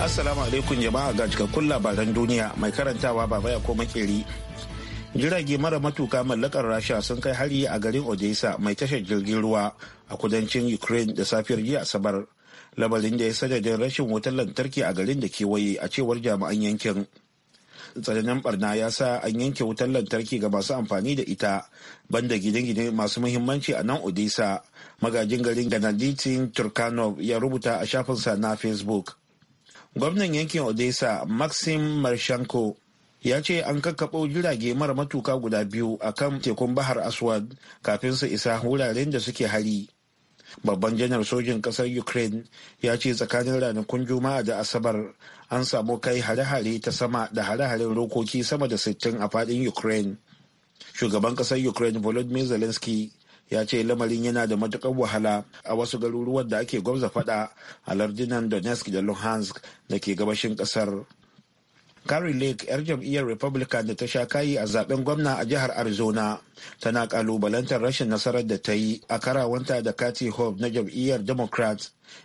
Assalamu alaikum jama'a ga cikakkun labaran duniya mai karantawa baba ya ko makeri. Jirage mara matuka mallakar Rasha sun kai hari a garin Odessa mai tashar jirgin ruwa a kudancin Ukraine da safiyar jiya Asabar. Labarin da ya sadadin rashin wutar lantarki a garin da kewaye a cewar jami'an yankin. Tsananin barna ya sa an yanke wutar lantarki ga masu amfani da ita banda gine-gine masu muhimmanci a nan Odessa. Magajin garin Ganaditin Turkanov ya rubuta a shafinsa na Facebook. gwamnan yankin odessa maxim marshenko ya ce an kakkaɓo jirage mara matuka guda biyu a kan tekun bahar aswad kafin su isa wuraren da suke hari babban janar sojin ƙasar ukraine ya ce tsakanin ranakun juma'a da asabar an samu kai hare-hare ta sama da hare-haren rokoki sama da 60 a faɗin ukraine shugaban ƙasar ukraine volodymyr zelensky ya ce lamarin yana da matukar wahala a wasu garuruwan da ake gwamza faɗa a lardunan donetsk da luhansk da ke gabashin kasar Carrie Lake 'yar jam'iyyar Republican da ta sha kayi a zaben gwamna a jihar Arizona tana kalubalantar rashin nasarar da ta yi a karawanta da Kathy Hobbs na jam'iyyar Democrat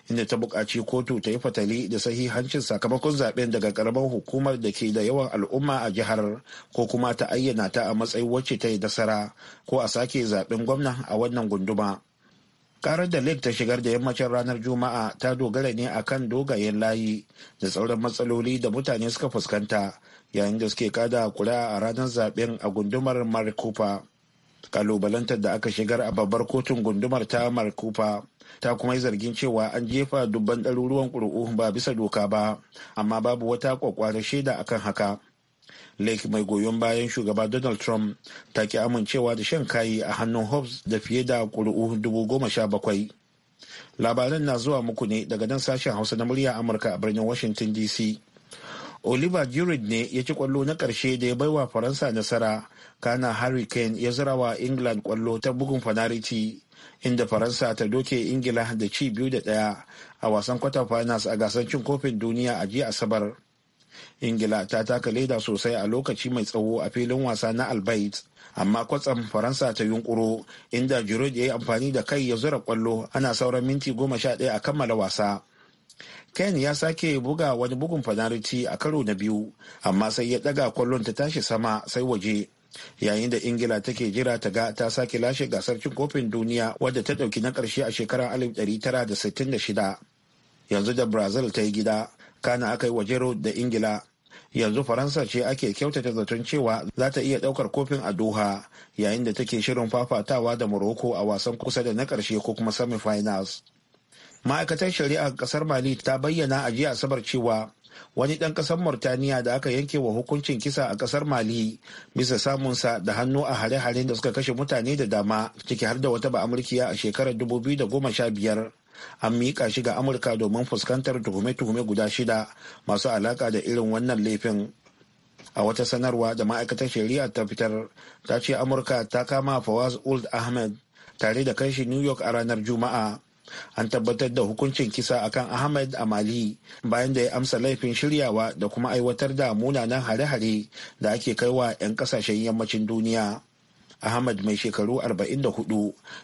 inda ta bukaci kotu ta yi fatali da sahihancin sakamakon zaben daga karamar hukumar da ke da yawan al'umma a jihar ko kuma ta ayyana ta a matsayin wacce ta yi nasara ko a sake zaben gwamna a wannan gunduma. karar da lake ta shigar da yammacin ranar juma'a ta dogara ne akan dogayen layi da sauran matsaloli da mutane suka fuskanta yayin da suke kada kura a ranar zaben a gundumar maricopa kalubalantar da aka shigar a babbar kotun gundumar ta markufa ta kuma yi zargin cewa an jefa dubban ɗaruruwan ƙuri'u ba bisa doka ba amma babu wata kwakwara shaida akan haka lake mai goyon bayan shugaba donald trump ta ki amincewa da shan kayi a hannun hobbs da fiye da ƙuri'u dubu goma sha bakwai labaran na zuwa muku ne daga nan sashen hausa na murya amurka a birnin washington dc oliver giroud ne ya ci kwallo na ƙarshe da ya baiwa faransa nasara kana harry kane ya zira wa england kwallo ta bugun fanariti inda faransa ta doke ingila da ci biyu da ɗaya a wasan kwata finals a gasar cin kofin duniya a jiya asabar ingila ta taka leda sosai a lokaci mai tsawo a filin wasa na albait amma kwatsam faransa ta yunkuro inda giroud ya yi amfani da kai ya zura kwallo ana sauran minti goma sha ɗaya a kammala wasa ken ya sake buga wani bugun fanariti a karo na biyu amma sai ya ɗaga kwallon ta tashi sama sai waje yayin da ingila take jira ta ga ta sake lashe gasar cin kofin duniya wadda ta ɗauki na ƙarshe a shekarar 1966 yanzu da brazil ta yi gida kana aka yi wa jerod da ingila yanzu faransa ce ake kyautata zaton cewa za ta iya daukar kofin a doha yayin da take shirin fafatawa da morocco a wasan kusa da na karshe ko kuma semifinals ma'aikatar shari'a kasar mali ta bayyana a jiya asabar cewa wani ɗan ƙasar Murtaniya da aka yanke wa hukuncin kisa a ƙasar Mali bisa samunsa da hannu a hare-haren da suka kashe mutane da dama ciki har da wata ba'amurkiya a shekarar 2015 an miƙa shi ga amurka domin fuskantar tuhume-tuhume guda shida masu alaƙa da irin wannan laifin a wata sanarwa da ma'aikatar shari'a ta fitar ta ce amurka ta kama fawaz old ahmed tare da kai shi new york a ranar juma'a an tabbatar da hukuncin kisa akan ahmed a mali bayan da ya amsa laifin shiryawa da kuma aiwatar da munanan hare-hare da ake kaiwa 'yan kasashen yammacin duniya ahmad mai shekaru 44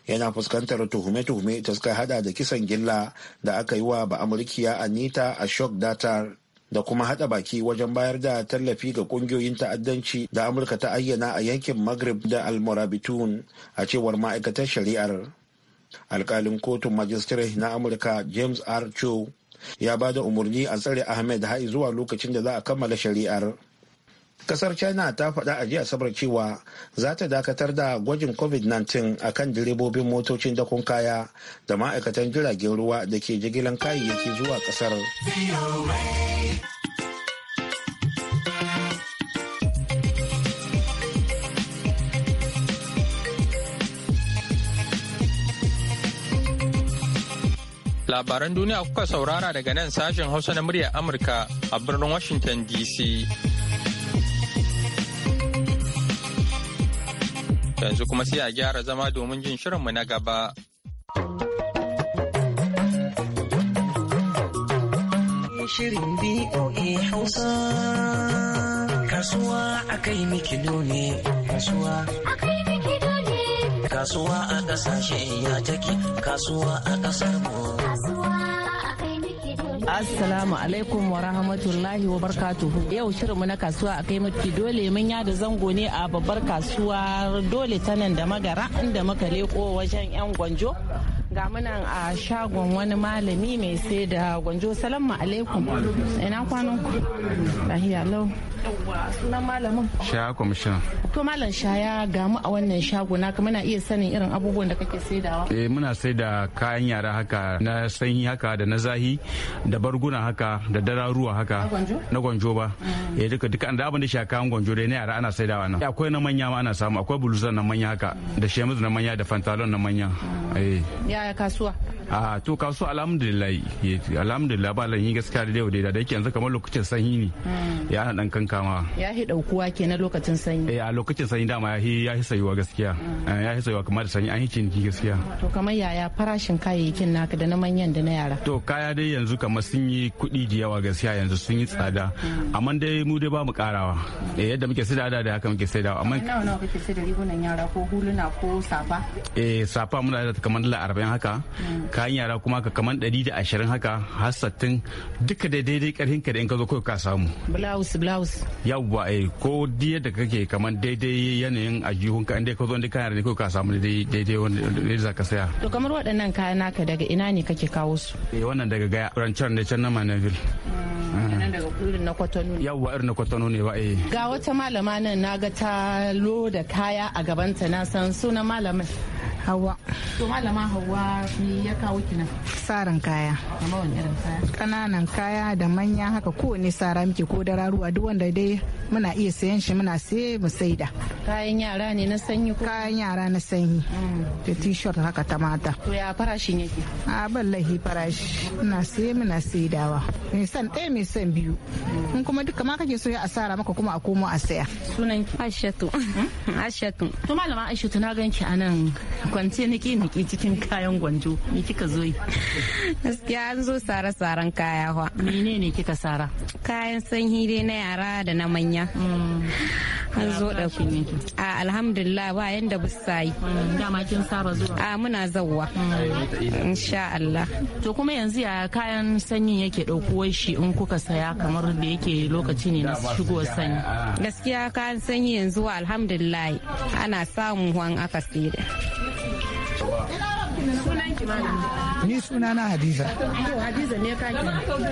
yana fuskantar tuhume-tuhume ta suka hada da kisan gilla da aka yi wa ba'amurkiya anita ashok datar da kuma hada baki wajen bayar da tallafi ga kungiyoyin ta'addanci da amurka ta ayyana a yankin maghrib da almurabitun a cewar ma'aikatar shari'ar alkalin kotun majistare na amurka james r cho ya ba da umarni a tsare ahmed Ha'i zuwa lokacin da za a kammala shari'ar kasar china ta faɗa a jiya sabar cewa za ta dakatar da gwajin covid-19 a kan direbobin motocin dakon kaya da ma'aikatan jiragen ruwa da ke jigilan kayayyaki zuwa kasar labaran duniya kuka saurara daga nan sashen hausa na muryar amurka a birnin washington dc Yanzu kuma sai a gyara zama domin jin shirinmu na gaba. Shirin BOA Hausa Kasuwa a kai mikido ne Kasuwa a kai mikido ne Kasuwa a kasashe ya take Kasuwa a kasar mu Kasuwa Assalamu alaikum wa rahmatullahi wa barkatuhu. Yau shirin mu na kasuwa a kai mafi dole mun yada zango ne a babbar kasuwa dole ta nan da magara inda muka leko wajen 'yan gwanjo. ga munan a shagon wani malami mai sai da gwanjo salamu alaikum ina kwanan ku lahiya Yawwa sunan malamin. Shaya kwamishin. To malam shaya ga mu a wannan shago na muna iya sanin irin abubuwan da kake saidawa. Eh muna saida kayan yara haka na sanyi haka da na zahi da barguna haka da dararuwa haka. Na gwanjo ba. Mm. Eh duka duka an da abin da shi kayan gwanjo dai na yara ana saidawa nan. Akwai na manya ma ana samu akwai buluzan na manya haka da shemiz na manya da fantalon na manya. Mm. Eh. Yaya kasuwa? a to kasuwa alhamdulillah eh, alhamdulillah ba lan yi gaskiya da yau da da yake yanzu kamar lokacin sanyi ne mm. ya ana dan kama ya hi daukuwa ke na lokacin sanyi eh a lokacin sanyi dama ya hi ya hi sayuwa gaskiya ah. eh, ya hi sayuwa kamar da sanyi an hi ciniki gaskiya to kamar yaya farashin kayayyakin naka da na manyan da na yara to kaya dai yanzu kamar sun yi kuɗi da yawa gaskiya yanzu sun yi tsada ah. amma dai mu dai ba mu karawa eh yadda muke sai da da haka muke sai da amma nawa nawa kake sai da rigunan yara ko huluna ko safa eh safa muna da kamar dala 40 haka ah. kayan yara kuma ka kamar 120 haka har 60 duka da daidai karhin ka da in ka zo kawai ka samu blouse blouse yawwa eh ko diya da kake kamar daidai yanayin ajihun ka inda ka zo inda kana ne ko ka samu daidai wanda za ka saya to kamar waɗannan kayan naka daga ina ne kake kawo su eh wannan daga gaya rancan ne can na manavil ah, ah. na kwatano ne yawwa irin na kwatano ne ba eh ga wata malama nan naga ta da kaya a gabanta na san sunan malamin Hawa. To malama Hawa ni ya kawo ki nan? Saran kaya. Amma wani irin kaya? Kananan kaya da manya haka kowane sara muke ko da raruwa duk wanda dai muna iya sayan shi muna saye mu saida. Kayan yara ne na sanyi ko? Kayan yara na sanyi. Mm. Da t-shirt haka ta mata. To ya farashin yake? A ballahi farashi. Muna saye muna saidawa. Mai san ɗaya mai san biyu. Mm. In kuma duka ma kake so ya asara maka kuma a komo a saya. Sunan ki? Aishatu. Hmm? Aishatu. To malama Aishatu na ganki a nan kwance nake nake cikin kayan gwanjo me kika zo yi gaskiya an zo sara saran kaya fa mene ne kika sara kayan sanyi dai na yara da na manya mm. an zo da ku. a alhamdulillah ba yanda busa yi mm. dama kin saba zuwa a muna zawwa mm. insha Allah to kuma yanzu ya kayan sanyin yake daukuwar shi in kuka saya kamar da yake lokaci ne na shigowar sanyi gaskiya kayan sanyi yanzu alhamdulillah ana samu wani aka sida Ni suna na Hadiza.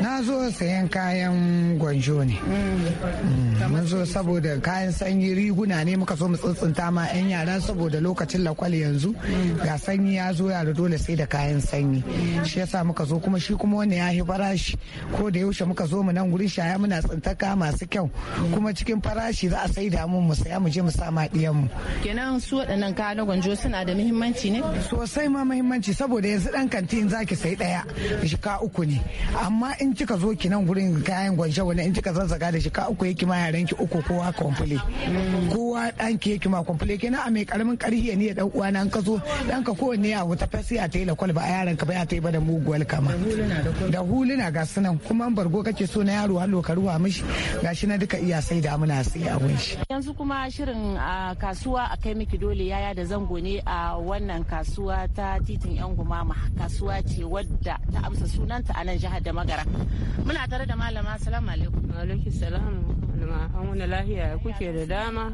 Na zo sayan kayan gwanjo ne. Mm. Mm, mun zo saboda kayan sanyi riguna ne muka so mu tsintsinta ma 'yan yara saboda lokacin lakwal yanzu mm. ga sanyi ya zo yara dole sai da kayan sanyi. Shi yasa muka zo kuma shi kuma wani ya yi farashi ko da yaushe muka zo mu nan gurin shaya muna tsintaka masu kyau kuma cikin farashi za a sai da mu mu saya mu je mu sa ma mu. Kenan su waɗannan kayan gwanjo suna da muhimmanci ne? Sosai ma mahimmanci saboda yanzu dan kantin zaki sai daya da shika uku ne amma in kika zo ki nan gurin kayan gwanje wani in kika zazzaga da shika uku yake ma yaran ki uku kowa komfule kowa dan ki yake ma komfule kenan a mai karamin karhi ne ya dan uwa nan ka zo dan ka kowanne ya wuta fasi a tayi kwal ba a yaran ka ba ya tayi ba da muguwal kama da huluna ga sunan kuma bargo kake so na yaro hallo ka ruwa mishi gashi na duka iya sai da muna sai a shi yanzu kuma shirin ah, kasuwa a kai miki dole yaya da zango ne a wannan kasuwa ta titin yan gumama kasuwa ce wadda ta amsa sunanta a nan jihar da magara muna tare da malama salamu alaikum alaikum salam malama an wani lahiya kuke da dama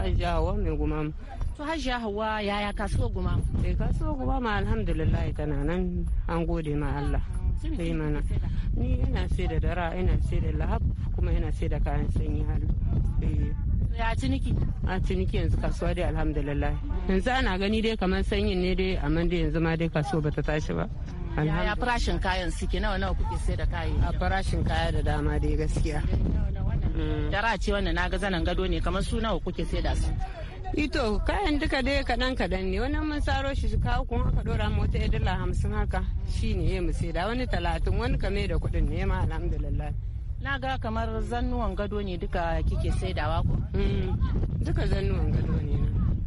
hajiya hawa mai gumama to hajiya hawa yaya kasuwa gumama sai eh, kasuwa gumama alhamdulillah tana nan an gode ma Allah sai mana ni ina sai da dara ina sai da lahab kuma ina sai da kayan sanyi halu eh. Ya ciniki? A ciniki yanzu kasuwa dai alhamdulillah. Yanzu ana gani dai kamar sanyin ne dai amma dai yanzu ma dai kasuwa bata tashi ba. Yaya farashin kayan suke nawa nawa kuke sai da kayi. A farashin kaya da dama dai gaskiya. Dara mm. ce wanda na ga zanen gado ne kamar su nawa kuke sai da su? ito kayan duka dai kaɗan kaɗan ne wani mun saro shi kawo kuma aka ɗora mota ya dala hamsin haka shi ne ya mu da wani talatin wani kame da kudin ne ma alhamdulillah Na ga kamar zannuwan gado ne duka kike saidawa ko? Mm, duka zannuwan gado ne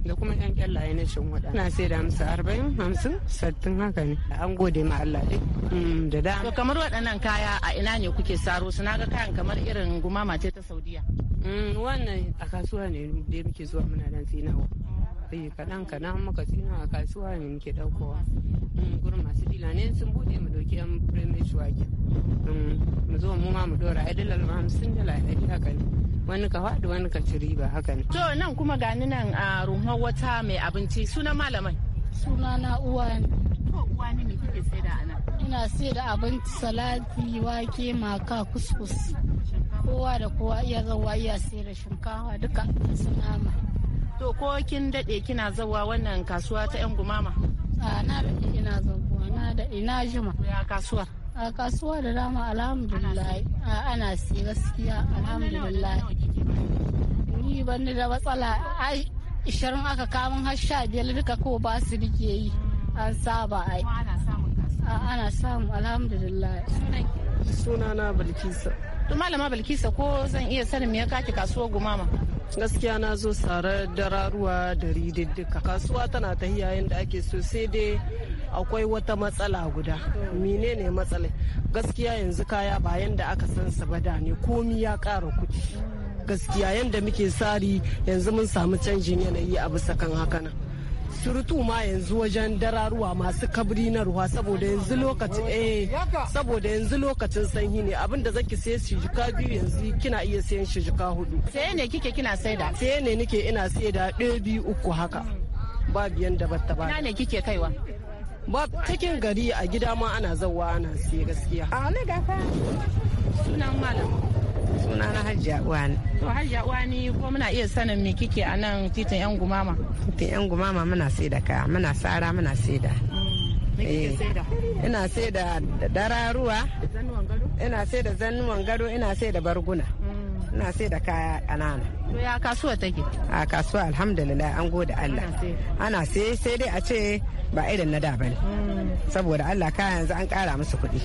da kuma yan kyallaye na shan wada. Na sai da hamsin arba'in hamsin sattin haka ne. An gode ma Allah dai. Mm, da da. To kamar waɗannan kaya a ina ne kuke saro su na ga kayan kamar irin gumama ce ta Saudiya. Mm, wannan a kasuwa ne da muke zuwa muna dan sinawa. sai kaɗan kaɗan muka tsino a ah, kasuwa ne muke ɗaukowa gurin masu dila ne sun bude mu ɗauki yan premish wake um, mu zo mu ma mu ɗora ai dala hamsin dala ɗari haka ne wani ka faɗi wani ka ci riba haka ne. to nan kuma gani nan a rumar wata mai abinci suna malamai. suna na uwa ne. ko uwa ne me kike sai da ana. ina sai da abinci salati wake maka kuskus kowa da kowa iya zawa iya sai da shinkafa duka sun hama. To ko kin daɗe kina zawa wannan kasuwa ta 'yan gumama? A na daɗe ina zawa na da ina jima. Ya kasuwar? A kasuwa da dama alhamdulillah ana si gaskiya alhamdulillah. Ni ban da matsala ai ishirin aka kamun har sha biyar duka ko ba su rike yi an saba ai. Ana samu alhamdulillah. Sunana Bilkisa. To malama Bilkisa ko zan iya sanin me ya kake kasuwar gumama? gaskiya na zo sare dararuwa da rididdika kasuwa tana ta yayin da ake so sai dai akwai wata matsala guda menene matsala gaskiya yanzu kaya ba yanda aka san sa ba da ne komi ya ƙara kuɗi gaskiya yanda muke sari yanzu mun samu canjin yanayi a bisa kan haka nan surutu ma yanzu wajen dararuwa masu kabri na ruwa saboda yanzu lokacin eh saboda yanzu lokacin sanyi ne abinda zaki sai shi jika biyu yanzu kina iya sayan shi jika hudu sai ne kike kina saida sai ne nike ina saida ɗaya biyu uku haka ba biyan da batta ba ne kike kaiwa ba cikin gari a gida ma ana zawa ana siya gaskiya a wani gafa sunan malam suna na hajiya uwani to hajiya uwani ko muna iya sanin me kike a nan titin yan gumama titin yan gumama muna sai da kaya muna sara muna sai da mm. eh, ina sai da dararuwa ina sai da zannuwan gado ina sai da barguna mm. ina sai da kaya kanana to ya kasuwa take a kasuwa alhamdulillah an gode Allah ana sai sai dai a ce ba irin na da ba ne saboda Allah ka yanzu an kara musu kuɗi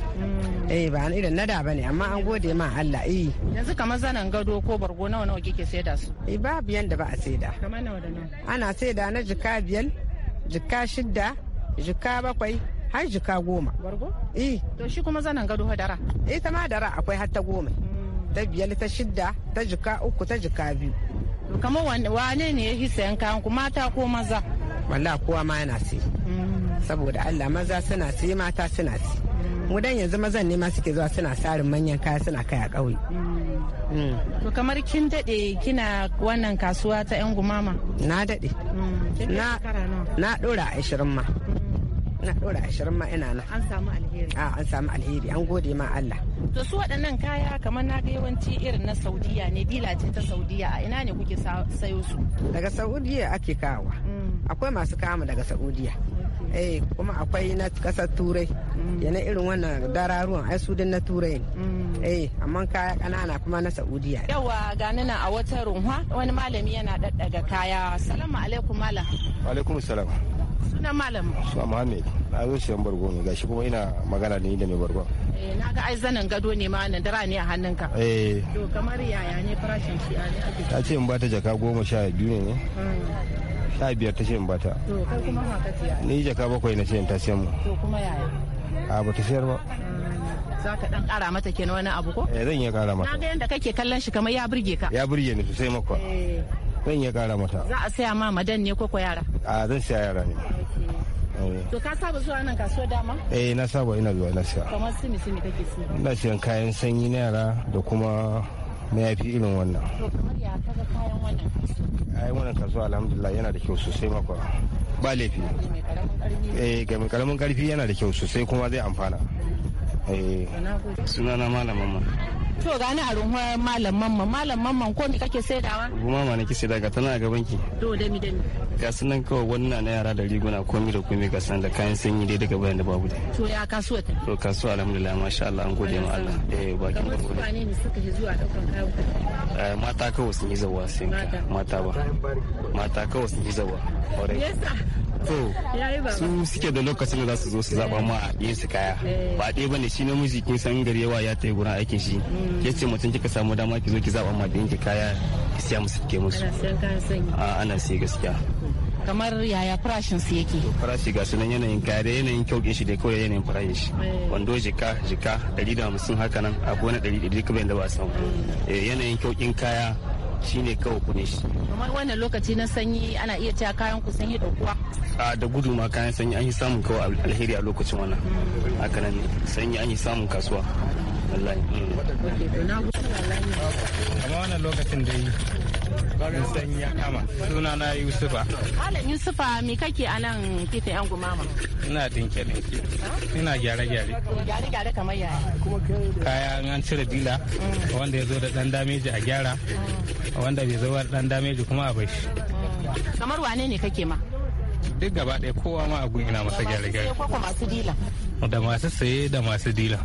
eh ba an irin na da ba ne amma an gode ma Allah eh yanzu kamar zanen gado ko bargo nawa nawa kike saida su eh biyan da ba a saida kamar nawa da nawa ana saida na jika biyar jika shida jika bakwai har jika goma bargo eh to shi kuma zanen gado hadara eh ta madara akwai har ta goma hmm. ta biyar ta shida ta jika uku ta jika biyu kamar wane ne ya hisa yan kayan ku mata ko maza wallah kowa ma yana sai saboda allah maza suna sai mata suna sai mu dan yanzu mazan ne ma suke zuwa suna sarin manyan kaya suna kai a ƙauye mm. to kamar kin daɗe kina wannan kasuwa ta yan gumama na daɗe mm, na ɗora 20 ma mm. na ɗora 20 ma ina nan an samu alheri a ah, an samu alheri an gode ma Allah to su waɗannan kaya kamar na ga yawanci irin na Saudiya ne dila ce ta Saudiya a ina ne kuke sayo su daga Saudiya ake kawa akwai masu kama daga saudiya eh kuma akwai na kasar turai mm. yana irin wannan dararuwan ai su na turai mm. eh amma kaya kanana kuma na saudiya yawa gani na a wata runwa wani malami yana daddaga kaya salamu alaikum malam alaikum salam sunan malam su muhammed na zo siyan bargo ne gashi kuma ina magana ne da mai bargo eh na ga ai zanen gado ne ma nan dara ne a hannunka eh to kamar yaya ne farashin shi ne ake ta ce in ba ta jaka goma sha biyu ne ne mm. sha biyar ta ce in bata ni jaka bakwai na ce in ta siyan mu to kuma yaya a ba ta siyar ba mm, za ka dan kara mata kenan wani abu ko eh zan iya kara mata na ga yanda kake kallon shi kamar ya burge ka ya burge ni sosai maka eh. zan iya kara mata za a saya ma madan ne ko ko yara a zan saya yara ne eh. To ka saba zuwa nan kasuwa dama? Eh na saba ina zuwa na siya. Kamar simi simi kake siya. Ina siyan kayan sanyi na yara da kuma ya fi irin wannan yi wannan kasuwa alhamdulillah yana da kyau sosai makwa ba laifi eh ga mai karamin karfi yana da kyau sosai kuma zai amfana eh sunana malamin ma To gani a runhuwar malam mamma malam mamma ko me kake saidawa? Goma ma nake saida ga tana ga banki. To dami dami. Ga sunan kawai wannan na yara da riguna komi da komi ga sunan da kayan sanyi dai daga bayan da babu dai. To ya kasuwa ta? To kasuwa alhamdulillah masha Allah an gode ma Allah. Eh bakin barko. Kamar ne suka yi zuwa daukan kayan eh, mata kawai sun yi zawa sai mata ba mata kawai sun yi zawa kwarai to su suke da lokacin da za su zo su zaba ma a yin su kaya ba ɗaya bane shi namiji kin san gari yawa ya tayi gurin aikin shi ke ce mutum kika samu dama ki zo ki zaba ma da yanke kaya ki siya musu ke musu ana siya gaskiya kamar yaya farashin su yake farashi ga sunan yanayin kaya da yanayin kyaukin shi da kawai yanayin farashin shi eh. wando jika jika hamsin haka nan a akwai na ɗari duka bayan da ba a samu eh, yanayin kyaukin kaya shine kawai kudin shi kamar wannan lokaci na sanyi ana iya cewa kayan ku sanyi daukuwa a da gudu ma kayan sanyi an yi samun kawai alheri a lokacin wannan haka nan sanyi an yi samun kasuwa wallahi mm. amma wannan lokacin dai barin sanyi ya kama suna na yusufa halin yusufa me kake a nan kifin yan gumama ina dinke dinke ina gyare gyare gyare gyare kamar yaya kaya an cire dila mm. wanda ya zo da dan dameji a gyara mm. wanda bai zo da dan dameji kuma a bai mm. kamar wane ne kake ma duk gaba ɗaya kowa ma a gun ina masa gyare gyare da masu saye da masu dila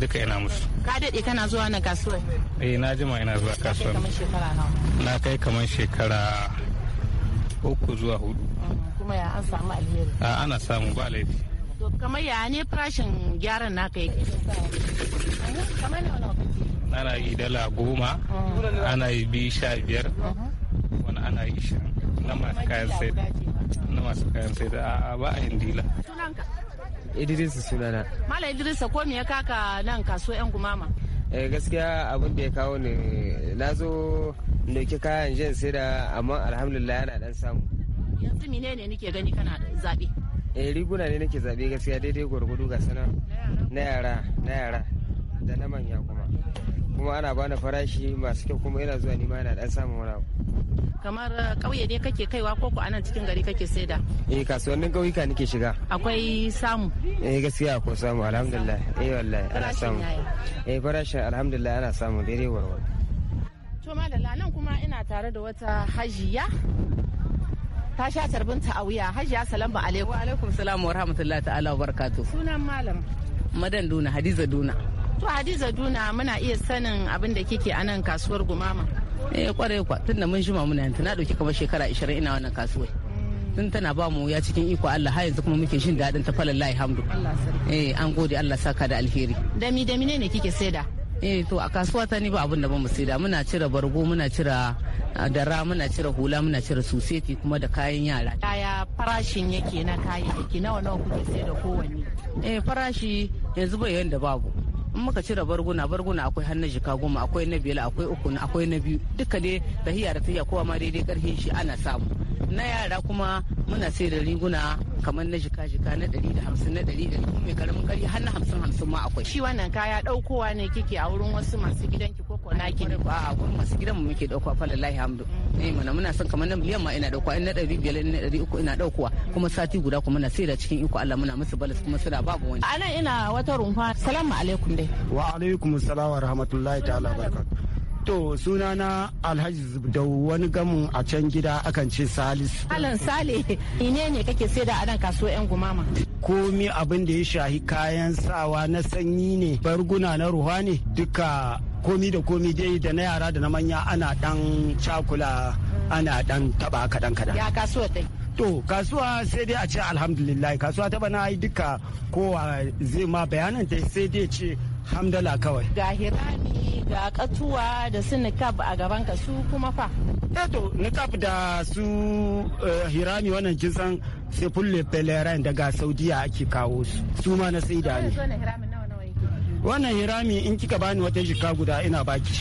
duka ina musu ka daɗe kana zuwa na kasuwar eh na jima ina zuwa kasuwar na kai kamar shekara uku zuwa hudu mm, kuma ya an samu alheri ana samu ba laifi to kamar ya ne farashin gyaran na kai. ana yi dala goma mm. ana yi bi sha biyar mm-hmm. wani ana yi shan. na masu kayan sai na masu kayan sai da a ba a yin dila Idris sunana. Mala Idris ko me ya kaka nan kasuwa yan gumama? Eh gaskiya abin da ya kawo ne na zo ɗauki kayan jin sai da amma alhamdulillah yana dan samu. Yanzu ne nake gani kana zabe? Eh riguna ne nake zabe gaskiya daidai gurgudu ga sana na yara na yara da na manya kuma. kuma ana bani farashi masu kyau kuma ina zuwa nima ina dan samun wani abu kamar uh, ƙauye ne kake kaiwa ko ku anan cikin gari kake saida eh kasuwannin kauyuka nake shiga akwai samu eh gaskiya ko samu alhamdulillah eh wallahi ana samu eh farashin alhamdulillah ana samu daidai warwar to malala nan kuma ina tare da wata hajiya ta sha tarbinta a wuya hajiya salamu alaikum wa alaikum salam wa rahmatullahi ta'ala wa barakatuh sunan malam madan duna hadiza duna To Hadiza Duna muna iya sanin abin da kike a nan kasuwar Gumama. Eh kwarai kwa tunda mun jima muna yanta na dauki kamar shekara 20 ina wannan kasuwar. Mm. tun tana ba mu ya cikin iko Allah har yanzu kuma muke jin daɗin ta falallahi hamdu. Eh an gode Allah saka da alheri. Dami dami ne kike saida? eh to a kasuwa ta ni ba abin da ba mu saida muna cire bargo muna cire dara muna cire hula muna cire suseti kuma da kayan yara kaya farashin yake na kayayyaki nawa nawa kuke saida kowanne eh farashi yanzu bai yanda babu in muka cire barguna barguna akwai har na jika goma akwai na biyu akwai uku akwai na biyu duka dai tahiya da tahiya kowa ma daidai karfin shi ana samu na yara kuma muna sai da riguna kamar na jika jika na ɗari da hamsin na ɗari da mai karamin kari har na hamsin hamsin ma akwai shi wannan kaya ɗaukowa ne kike a wurin wasu masu gidanki ko naki ne ba a gurin masu gidan mu muke dauka fa lillahi hamdu mm. eh mana muna son kamar na miliyan ma ina dauka in na biyar in na uku ina daukowa kuma sati guda kuma na sai da cikin iko Allah muna musu balas kuma suna babu wani nan ina wata rumfa salamu alaikum dai wa alaikum assalam wa rahmatullahi ta'ala barakatuh To suna na Alhaji Zubdau wani gamin a can gida akan ce Salis. Alan Sale ine ne kake sai da adan kasuwa yan gumama. Komi abin da ya shahi kayan sawa na sanyi ne barguna na ruwa ne duka komi da komi dai da na yara da na manya ana dan cakula ana dan taba kadan kadan. Ya kasuwa dai. to kasuwa sai dai a ce alhamdulillah kasuwa ta bana yi duka kowa zai ma bayanan ta sai dai ce hamdala kawai ga hirami ga katuwa da su nikab a gaban ka su kuma fa eto eh nikab da su eh, hirami wannan kin san sai fulle pelerin daga saudiya ake kawo su su ma na sai da ne wannan hirami in kika bani wata jika guda ina baki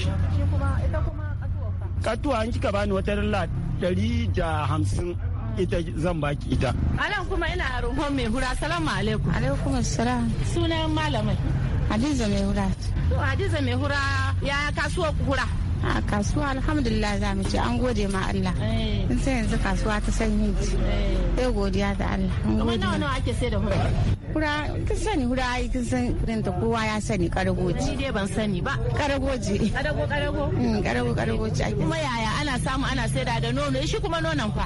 katuwa in kika bani wata rilla dari da hamsin ita zan baki ita. A nan kuma ina rumon mai hura salamu alaikum. Alaikum assalam. Sunan malamai. Hadiza mai hura. To Hadiza mai hura ya kasuwa hura. a kasuwa alhamdulillah za mu ce an gode ma Allah in eh. sai yanzu kasuwa ta sanyi ji eh. sai godiya da Allah kuma nawa nawa ake sai da hura hura kin sani hura ai kin san irin ta kowa ya sani karagoji ni dai ban sani ba karagoji karago karago mm karago karagoji ake kuma yaya ana samu ana sai da nono shi kuma nonon fa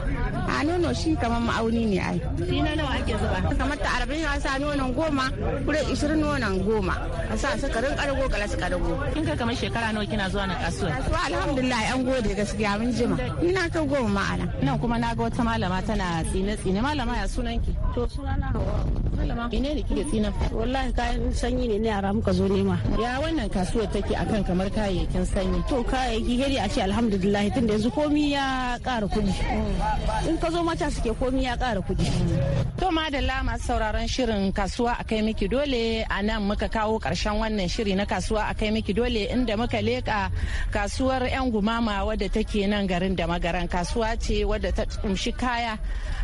a nono shi kamar ma'auni ne ai shi na nawa ake zuba kamar ta arabin ya sa nonon goma kure ishirin nonon goma a sa sukarin karago kalas karago kin kai kamar shekara nawa kina zuwa na kasuwa To alhamdulillah an gode gaskiya mun jima. Ina ka goma ma'ana. Nan kuma na ga wata malama tana tsine-tsine malama ya ki To sunana malama mene kike tsina wallahi kayan sanyi ne ne yara muka zo nema ya wannan kasuwar take akan kamar kayayyakin sanyi to kayayyaki heri a ce alhamdulillah tunda yanzu komi ya ƙara kuɗi in ka zo mata suke komi ya ƙara kuɗi to madalla masu sauraron shirin kasuwa kai miki dole a nan muka kawo ƙarshen wannan shiri na kasuwa akai miki dole inda muka leƙa kasuwar 'yan gumama wadda take nan garin da magaran kasuwa ce wadda ta kumshi kaya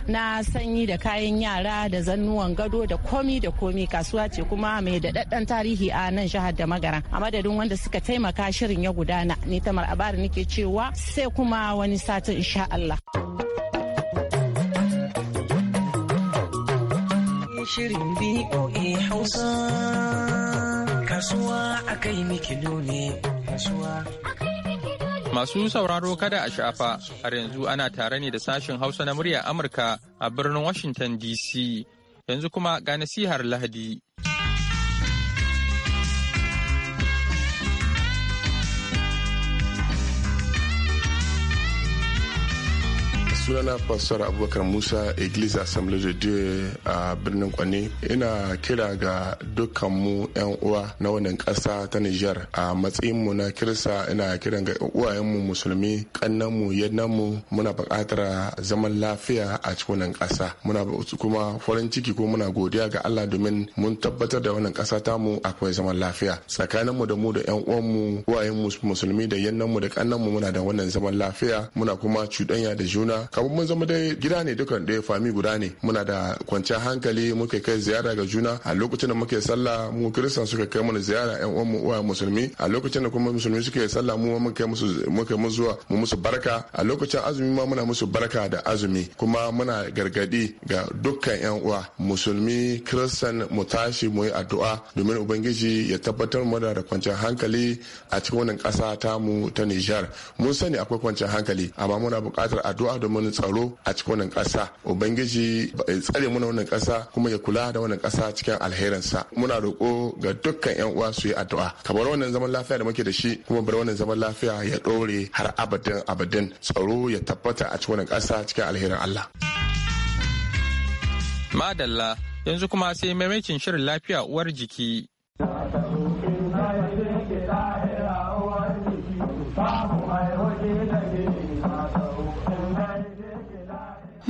na sanyi da kayan yara da zannuwan gado da komi da komi kasuwa ce kuma mai daɗaɗɗen tarihi a nan jihar da magara a madadin wanda suka taimaka shirin ya gudana ni tamar abari nake cewa sai kuma wani satin insha Allah. Shirin BOA Hausa kasuwa akai ne kasuwa Masu sauraro kada a shafa, har yanzu ana tare ne da sashen Hausa na murya Amurka a birnin Washington DC. yanzu kuma ga nasihar lahadi. sunana pastor abubakar musa iglesia assembly de dieu a birnin kwane ina kira ga dukkan mu yan uwa na wannan ƙasa ta niger a matsayin mu na kirsa ina kira ga uwayen mu musulmi kannan mu yannan mu muna buƙatar zaman lafiya a cikin wannan ƙasa muna kuma farin ciki ko muna godiya ga Allah domin mun tabbatar da wannan kasa ta mu akwai zaman lafiya tsakanin mu da mu da yan uwan mu uwayen mu musulmi da yannan mu da kannan mu muna da wannan zaman lafiya muna kuma cuɗanya da juna kamar mun zama dai gida ne dukan ɗaya fami guda ne muna da kwanciyar hankali muka kai ziyara ga juna a lokacin da muke sallah mu kiristan suka kai mana ziyara yan uwan uwa musulmi a lokacin da kuma musulmi suke sallah mu mun kai musu muka musu zuwa mu musu barka a lokacin azumi ma muna musu barka da azumi kuma muna gargadi ga dukkan yan uwa musulmi kiristan mu tashi mu yi addu'a domin ubangiji ya tabbatar mu da kwanciyar hankali a cikin wannan kasa ta mu ta Nijar mun sani akwai kwanciyar hankali amma muna buƙatar addu'a domin wani tsaro a cikin wannan ƙasa ubangiji ya tsare muna wannan ƙasa kuma ya kula da wannan ƙasa cikin alherinsa muna roƙo ga dukkan yan uwa su yi addu'a ka bar wannan zaman lafiya da muke da shi kuma bar wannan zaman lafiya ya ɗore har abadin abadin tsaro ya tabbata a cikin wannan ƙasa cikin alherin Allah. Madalla yanzu kuma sai maimakin shirin lafiya uwar jiki.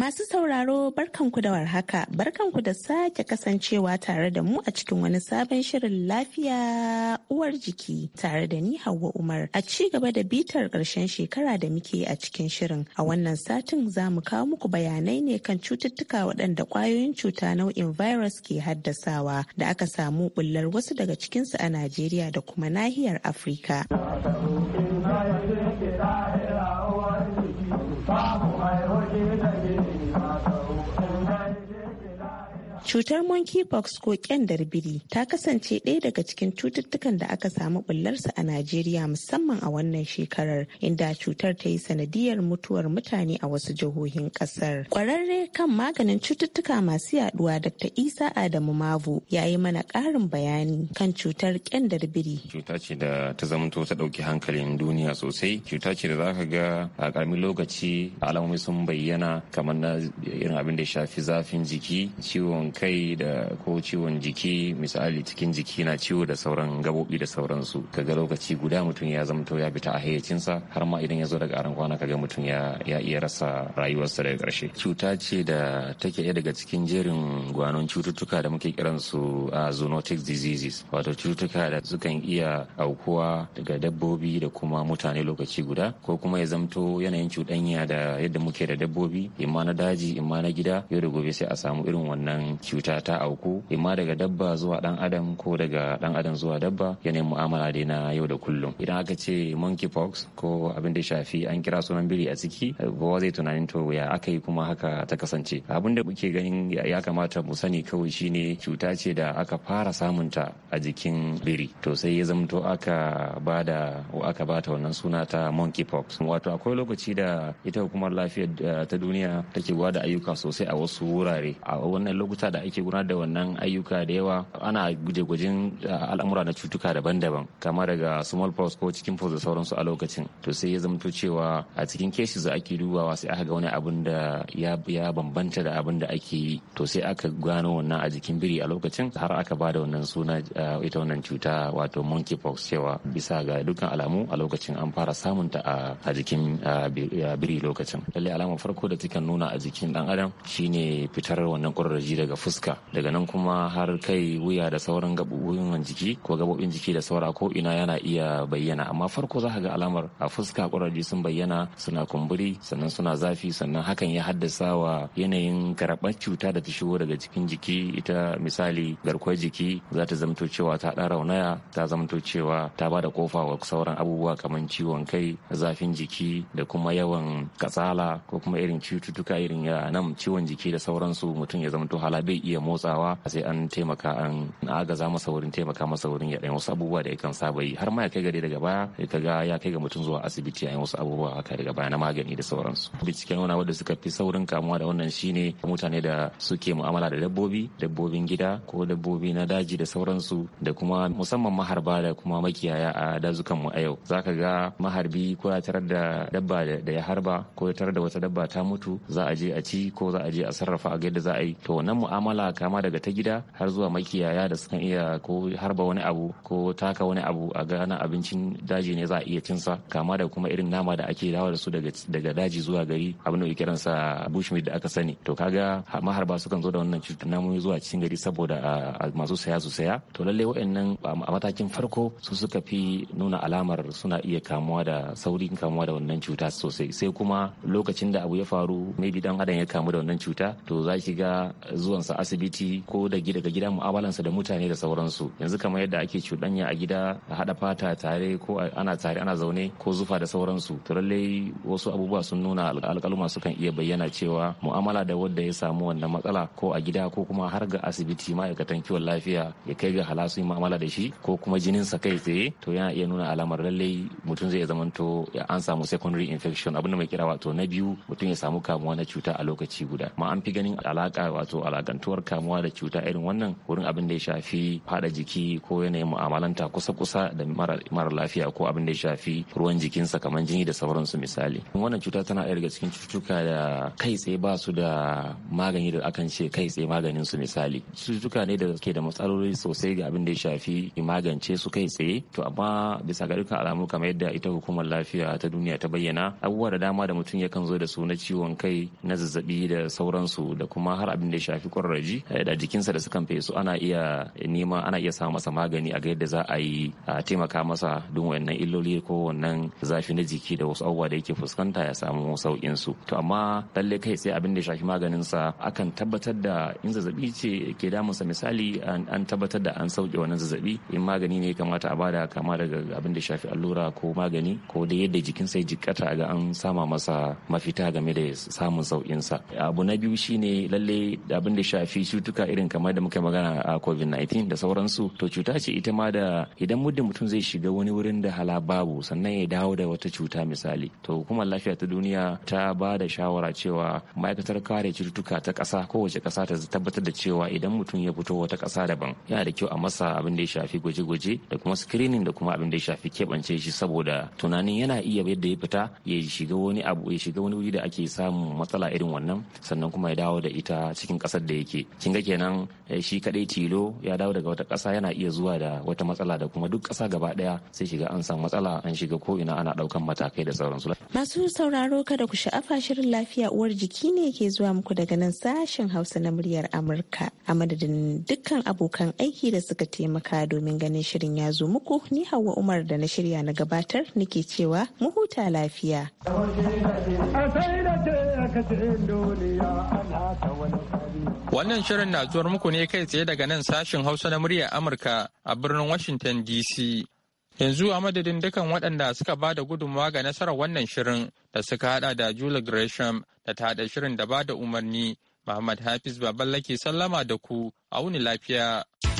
Masu sauraro barkanku da warhaka, barkanku da sake kasancewa tare da mu a cikin wani sabon shirin lafiya uwar jiki tare da ni Hauwa Umar. A ci gaba da bitar ƙarshen shekara da muke a cikin shirin. A wannan satin za mu kawo muku bayanai ne kan cututtuka waɗanda kwayoyin cuta nau'in virus ke haddasawa da aka samu bullar wasu daga cikinsu a Najeriya da kuma nahiyar Afirka. Cutar monkeypox ko kyandar biri ta kasance ɗaya daga cikin cututtukan da aka samu bullarsa a Najeriya musamman a wannan shekarar inda cutar ta yi sanadiyar mutuwar mutane a wasu jihohin ƙasar. Kwararre kan maganin cututtuka masu yaduwa ta Isa Adamu Mavu ya yi mana ƙarin bayani kan cutar kyandar biri. Cuta ce da ta zamanto ta ɗauki hankalin duniya sosai. Cuta ce da zaka ga a ƙaramin lokaci alamomi sun bayyana kamar na irin abin da ya shafi zafin jiki, ciwon kai da ko ciwon jiki misali cikin jiki na ciwo da sauran gabobi da sauransu kaga lokaci guda mutum ya zamto ya fita a hayyacinsa har ma idan ya zo daga aran kwana kaga mutum ya iya rasa rayuwarsa daga ƙarshe cuta ce da take ɗaya daga cikin jerin gwanon cututtuka da muke kiransu a zoonotic diseases wato cututtuka da sukan iya aukuwa daga dabbobi da kuma mutane lokaci guda ko kuma ya zamto yanayin cuɗanya da yadda muke da dabbobi imma na daji imma na gida yau da gobe sai a samu irin wannan cuta ta auku imma daga dabba zuwa dan adam ko daga dan adam zuwa dabba yanayin mu'amala dai na yau da kullum idan aka ce monkeypox ko abin da shafi an kira sunan biri a ciki ba zai tunanin to ya aka yi kuma haka ta kasance abin da muke ganin ya kamata mu sani kawai shine cuta ce da aka fara samun ta a jikin biri to sai ya zamto aka bada aka bata wannan suna ta monkeypox wato akwai lokaci da ita hukumar lafiya eh, ta duniya take gwada ayyuka sosai a wasu wurare a wannan lokuta da ake gudanar da wannan ayyuka da yawa ana guje-gujen eh, al'amura na cutuka daban-daban kama daga smallpox ko cikin da sauransu a lokacin to sai ya to cewa a cikin cases da ake dubawa sai aka ga wani abin da ya bambanta da abin da ake yi to sai aka gano wannan a jikin biri a lokacin har aka ba da wannan suna eh, ita wannan cuta wato pox cewa bisa ga dukkan alamu a lokacin an fara samun ta a jikin eh, biri lokacin lalle alamar farko da take nuna a jikin dan adam shine fitar wannan kwararraji daga fuska daga nan kuma har kai wuya da sauran gaɓoɓin jiki ko gaɓoɓin jiki da saura ko ina yana iya bayyana amma farko za ka ga alamar a fuska ƙwararri sun bayyana suna kumburi sannan suna zafi sannan hakan ya haddasa wa yanayin karɓar cuta da ta shigo daga cikin jiki ita misali garkuwar jiki za ta zamto cewa ta ɗan raunaya ta zamto cewa ta ba da kofa wa sauran abubuwa kamar ciwon kai zafin jiki da kuma yawan kasala ko kuma irin cututtuka irin ya nan ciwon jiki da sauransu mutum ya zamto halabe bai iya motsawa sai an taimaka an agaza masa wurin taimaka masa wurin ya wasu abubuwa da yakan saba yi har ma ya kai gari daga baya ya kaga ya kai ga mutum zuwa asibiti a wasu abubuwa haka daga baya na magani da sauransu binciken yana wanda suka fi saurin kamuwa da wannan shine mutane da suke mu'amala da dabbobi dabbobin gida ko dabbobi na daji da sauransu da kuma musamman maharba da kuma makiyaya a dazukan mu a yau zaka ga maharbi ko ya tarar da dabba da ya harba ko ya tarar da wata dabba ta mutu za a je a ci ko za a je a sarrafa a ga yadda za a yi to wannan mu'amala mu'amala kama daga ta gida har zuwa makiyaya da sukan iya ko harba wani abu ko taka wani abu a gana abincin daji ne za a iya cinsa kama da kuma irin nama da ake dawo da su daga daji zuwa gari abin da kiransa bushmeat da aka sani to kaga maharba sukan zo da wannan cutar namomi zuwa cikin gari saboda masu saya su saya to lallai wa'annan a matakin farko su suka fi nuna alamar suna iya kamuwa da saurin kamuwa da wannan cuta sosai sai kuma lokacin da abu ya faru maybe dan adam ya kamu da wannan cuta to za ki ga zuwansa su asibiti ko da daga gida mu'amalansa da mutane da sauransu yanzu kamar yadda ake cuɗanya a gida a haɗa fata tare ko ana tare ana zaune ko zufa da sauransu to lallai wasu abubuwa sun nuna alƙaluma sukan iya bayyana cewa mu'amala da wanda ya samu wannan matsala ko a gida ko kuma har ga asibiti ma'aikatan kiwon lafiya ya kai ga halasun mu'amala da shi ko kuma jininsa kai tsaye to yana iya nuna alamar lallai mutum zai zamanto an samu secondary infection abinda mai kira wato na biyu mutum ya samu kamuwa na cuta a lokaci guda ma an fi ganin alaka wato alakan mutuwar kamuwa da cuta irin wannan wurin abin da ya shafi fada jiki ko yanayin mu'amalanta kusa-kusa da mara lafiya ko abin da ya shafi ruwan jikinsa kamar jini da sauransu misali wannan cuta tana ɗaya daga cikin cututtuka da kai tsaye ba su da magani da akan ce kai tsaye maganin su misali cututtuka ne da ke da matsaloli sosai ga abin da ya shafi magance su kai tsaye to amma bisa ga dukkan alamu kamar yadda ita hukumar lafiya ta duniya ta bayyana abubuwa da dama da mutum yakan zo da su na ciwon kai na zazzabi da sauransu da kuma har abin da ya shafi kwarar kuraji eh, da jikinsa da sukan fesu ana iya nema ana iya sa masa magani a ga yadda za a yi a taimaka masa don wannan illoli ko wannan zafi na jiki da wasu abubuwa da yake fuskanta ya samu sauƙin su to amma lalle kai sai abin da ya shafi maganin akan tabbatar da in zazzabi ce ke damunsa misali an tabbatar da an sauke wannan zazzabi in magani ne kamata a bada kama daga abin da shafi allura ko magani ko da yadda jikinsa ya jikkata ga an sama masa mafita game da samun sauƙinsa. sa abu na biyu shine lalle abin da shafi shafi cutuka irin kamar da muka magana a covid-19 da sauransu to cuta ce ita ma da idan muddin mutum zai shiga wani wurin da hala babu sannan ya dawo da wata cuta misali to hukumar lafiya ta duniya ta ba da shawara cewa ma'aikatar kare cututtuka ta ƙasa kowace ƙasa ta tabbatar da cewa idan mutum ya fito wata ƙasa daban yana da kyau a masa abin da ya shafi gwaje-gwaje da kuma screening da kuma abin da ya shafi keɓance shi saboda tunanin yana iya yadda ya fita ya shiga wani abu ya shiga wani wuri da ake samun matsala irin wannan sannan kuma ya dawo da ita cikin ƙasar da yake yake kin ga kenan eh, shi kadai tilo ya dawo daga wata kasa yana iya zuwa da wata matsala da kuma duk ƙasa gaba daya sai shiga an san matsala an shiga ko ina ana ɗaukan matakai da sauransu. Masu sauraro kada ku sha'afa shirin lafiya uwar jiki ne ke zuwa muku daga nan sashen Hausa na muryar Amurka a madadin dukkan abokan aiki da suka taimaka domin ganin shirin ya zo muku ni Hauwa Umar da na shirya na gabatar nake cewa mu huta lafiya. Wannan shirin na zuwar muku ne kai tsaye daga nan sashin Hausa na muryar Amurka a birnin Washington DC. Yanzu a madadin dukan waɗanda suka ba da gudunmawa ga nasarar wannan shirin da suka haɗa da Julie Gresham da ta haɗa shirin da ba da umarni, Muhammad Hafiz Baballake sallama da ku, auni lafiya.